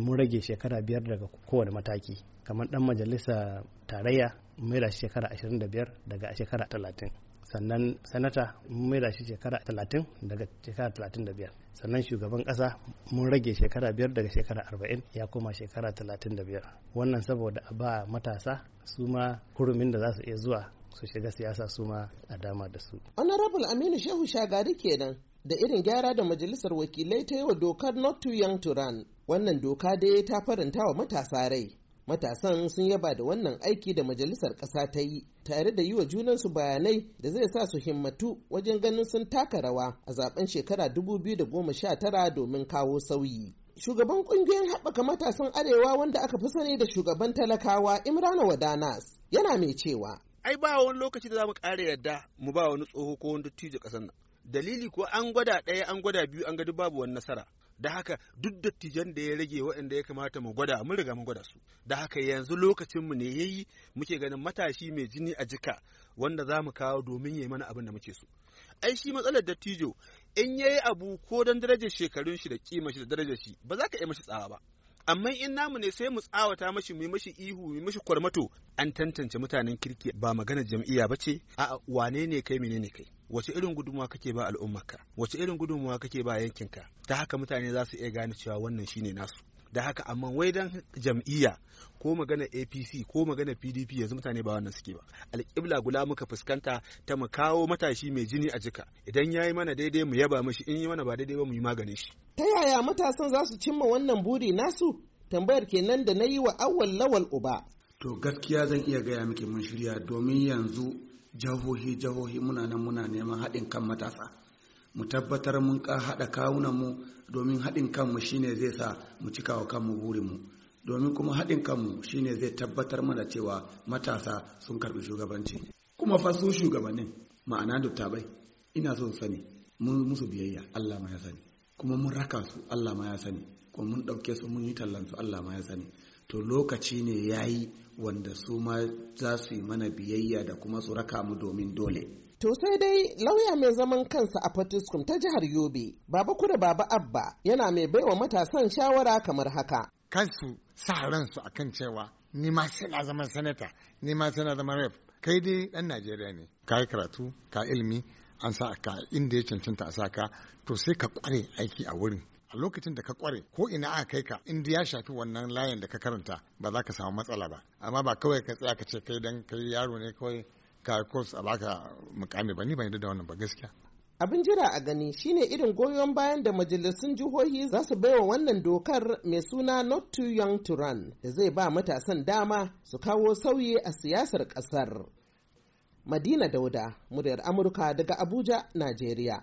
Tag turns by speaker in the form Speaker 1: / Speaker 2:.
Speaker 1: mun rage shekara biyar daga kowane mataki kamar dan majalisa tarayya mun da shekara 25 daga shekara 30 sannan sanata mun da shi shekara 30 daga shekara 35 sannan shugaban kasa mun rage shekara biyar daga shekara 40 ya koma shekara 35 wannan saboda a ba matasa su ma hurumin da za su iya zuwa su shiga siyasa su ma a dama da su
Speaker 2: honorable aminu shehu shagari kenan da irin gyara da majalisar wakilai ta yi wa dokar not too young to run wannan doka dai ta faranta wa matasa rai matasan sun yaba da wannan aiki da majalisar ƙasa ta yi tare da yi wa junansu bayanai da zai sa su himmatu wajen ganin sun taka rawa a zaben shekara 2019 domin kawo sauyi shugaban kungiyar haɓaka matasan arewa wanda aka fi sani da shugaban talakawa imrana wadanas yana mai cewa
Speaker 3: ai ba wani lokaci da za mu ƙara yadda mu ba wani tsoho ko wani dattijo ƙasar nan dalili ko an gwada ɗaya an gwada biyu an gadi babu wani nasara da haka duk dattijan da ya rage waɗanda ya kamata mu gwada mun riga mun gwada su da haka yanzu lokacin mu ne yayi muke ganin matashi mai jini a jika wanda za mu kawo domin yayi mana abin da muke so ai shi matsalar dattijo in yayi abu ko dan darajar shekarun shi da kima shi da darajar shi ba za ka yi mashi tsawa ba amma in namu ne sai mu tsawata mashi mu yi mashi ihu mu mashi kwarmato an tantance mutanen kirki ba magana jam'iyya ba ce a'a wane ne kai menene kai wace irin gudunmawa kake ba al'ummarka wace irin gudunmawa kake ba yankinka ta haka mutane za su iya gane cewa wannan shine nasu da haka amma wai dan jam'iyya ko magana apc ko magana pdp yanzu mutane ba wannan suke ba alƙibla gula muka fuskanta ta mu kawo matashi mai jini a jika idan ya yi mana daidai mu yaba mashi in yi mana ba daidai ba mu yi maganin shi
Speaker 2: ta yaya matasan za su cimma wannan buri nasu tambayar kenan da na yi wa awwal lawal uba
Speaker 4: to gaskiya zan iya gaya miki mun shirya domin yanzu jahohi jahohi muna nan muna neman haɗin kan matasa mu tabbatar mun ka haɗa kawunanmu domin haɗin kanmu shine zai sa mu cika wa kanmu burinmu domin kuma haɗin kanmu shine zai tabbatar mana cewa matasa sun karɓi shugabanci kuma fa su shugabannin ma'ana bai ina so sani mun musu biyayya Allah ma ya sani kuma mun raka su Allah ma ya sani kuma mun ɗauke su mun yi tallan su Allah ma ya sani to lokaci ne ya yi wanda su ma za su yi mana biyayya da kuma su raka mu domin dole.
Speaker 2: To sai dai lauya mai zaman kansa a Fatiskum ta jihar Yobe, Baba Kuda Baba Abba yana mai baiwa matasan shawara kamar haka. Kansu
Speaker 5: sa ransu a kan cewa ni ma sai na zama sanata, ni ma sai na zama rep. Kai dai ɗan Najeriya ne, ka yi karatu, ka ilimi, an sa ka inda ya cancanta a sa ka, to sai ka kware aiki a wurin. a lokacin da ka kware ko ina aka kai ka inda ya shafi wannan layin da ka karanta ba za ka samu matsala ba amma ba kawai ka tsaya ka ce kai dan kai yaro ne kawai ka course a baka mukami ba ni ban da wannan ba gaskiya
Speaker 2: abin jira a gani shine irin goyon bayan da majalisun jihohi za su baiwa wannan dokar mai suna not too young to run da zai ba matasan dama su kawo sauyi a siyasar kasar madina dauda muryar amurka daga abuja najeriya